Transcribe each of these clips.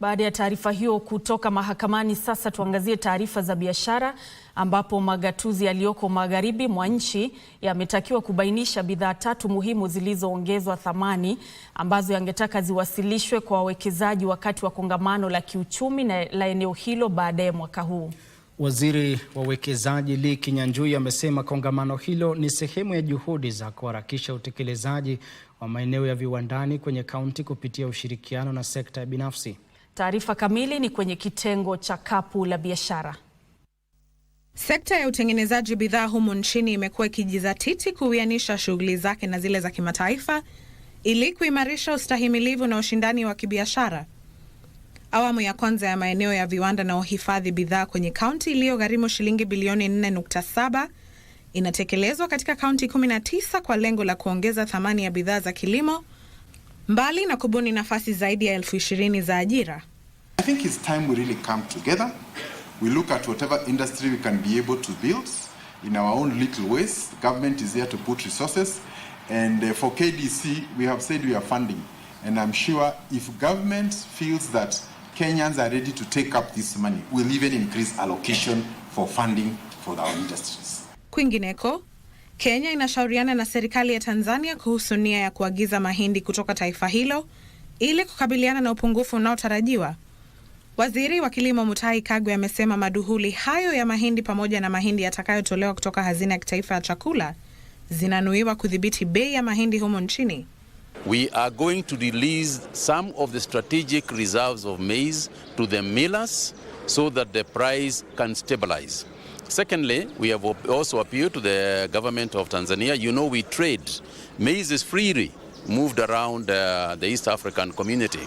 Baada ya taarifa hiyo kutoka mahakamani, sasa tuangazie taarifa za biashara, ambapo magatuzi yaliyoko magharibi mwa nchi yametakiwa kubainisha bidhaa tatu muhimu zilizoongezwa thamani ambazo yangetaka ziwasilishwe kwa wawekezaji wakati wa kongamano la kiuchumi na la eneo hilo baadaye mwaka huu. Waziri wa Uwekezaji Lee Kinyanjui amesema kongamano hilo ni sehemu ya juhudi za kuharakisha utekelezaji wa maeneo ya viwandani kwenye kaunti kupitia ushirikiano na sekta ya binafsi. Taarifa kamili ni kwenye kitengo cha kapu la biashara. Sekta ya utengenezaji bidhaa humu nchini imekuwa ikijizatiti kuwianisha shughuli zake na zile za kimataifa ili kuimarisha ustahimilivu na ushindani wa kibiashara. Awamu ya kwanza ya maeneo ya viwanda na uhifadhi bidhaa kwenye kaunti iliyogharimu shilingi bilioni 4.7 inatekelezwa katika kaunti 19 kwa lengo la kuongeza thamani ya bidhaa za kilimo mbali na kubuni nafasi zaidi ya elfu ishirini za ajira. I think it's time we really come together. We look at whatever industry we can be able to build in our own little ways. The government is here to put resources and uh, for KDC we have said we are funding and I'm sure if government feels that Kenyans are ready to take up this money, we'll even increase allocation for funding for our industries. Kwingineko, Kenya inashauriana na serikali ya Tanzania kuhusu nia ya kuagiza mahindi kutoka taifa hilo ili kukabiliana na upungufu unaotarajiwa. Waziri wa Kilimo Mutahi Kagwe amesema maduhuli hayo ya mahindi pamoja na mahindi yatakayotolewa kutoka hazina ya kitaifa ya chakula zinanuiwa kudhibiti bei ya mahindi humo nchini. We are going to release some of the strategic reserves of maize to the millers so that the price can stabilize. Secondly, we have also appealed to the government of Tanzania. You know, we trade maize is freely moved around uh, the East African community.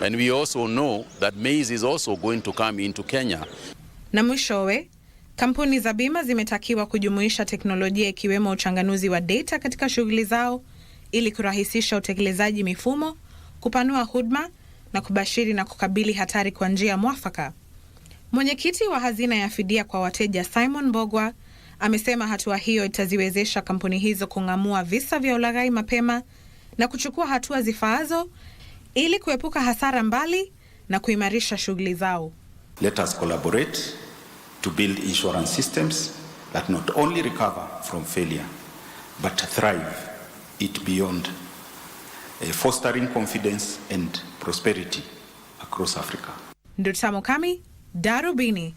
And we also know that maize is also going to come into Kenya. Na mwishowe, kampuni za bima zimetakiwa kujumuisha teknolojia ikiwemo uchanganuzi wa data katika shughuli zao ili kurahisisha utekelezaji mifumo, kupanua huduma na kubashiri na kukabili hatari kwa njia mwafaka. Mwenyekiti wa hazina ya fidia kwa wateja Simon Mbogwa amesema hatua hiyo itaziwezesha kampuni hizo kung'amua visa vya ulaghai mapema na kuchukua hatua zifaazo ili kuepuka hasara mbali na kuimarisha shughuli zao. Let us collaborate to build insurance systems that not only recover from failure but thrive it beyond eh, fostering confidence and prosperity across Africa. Darubini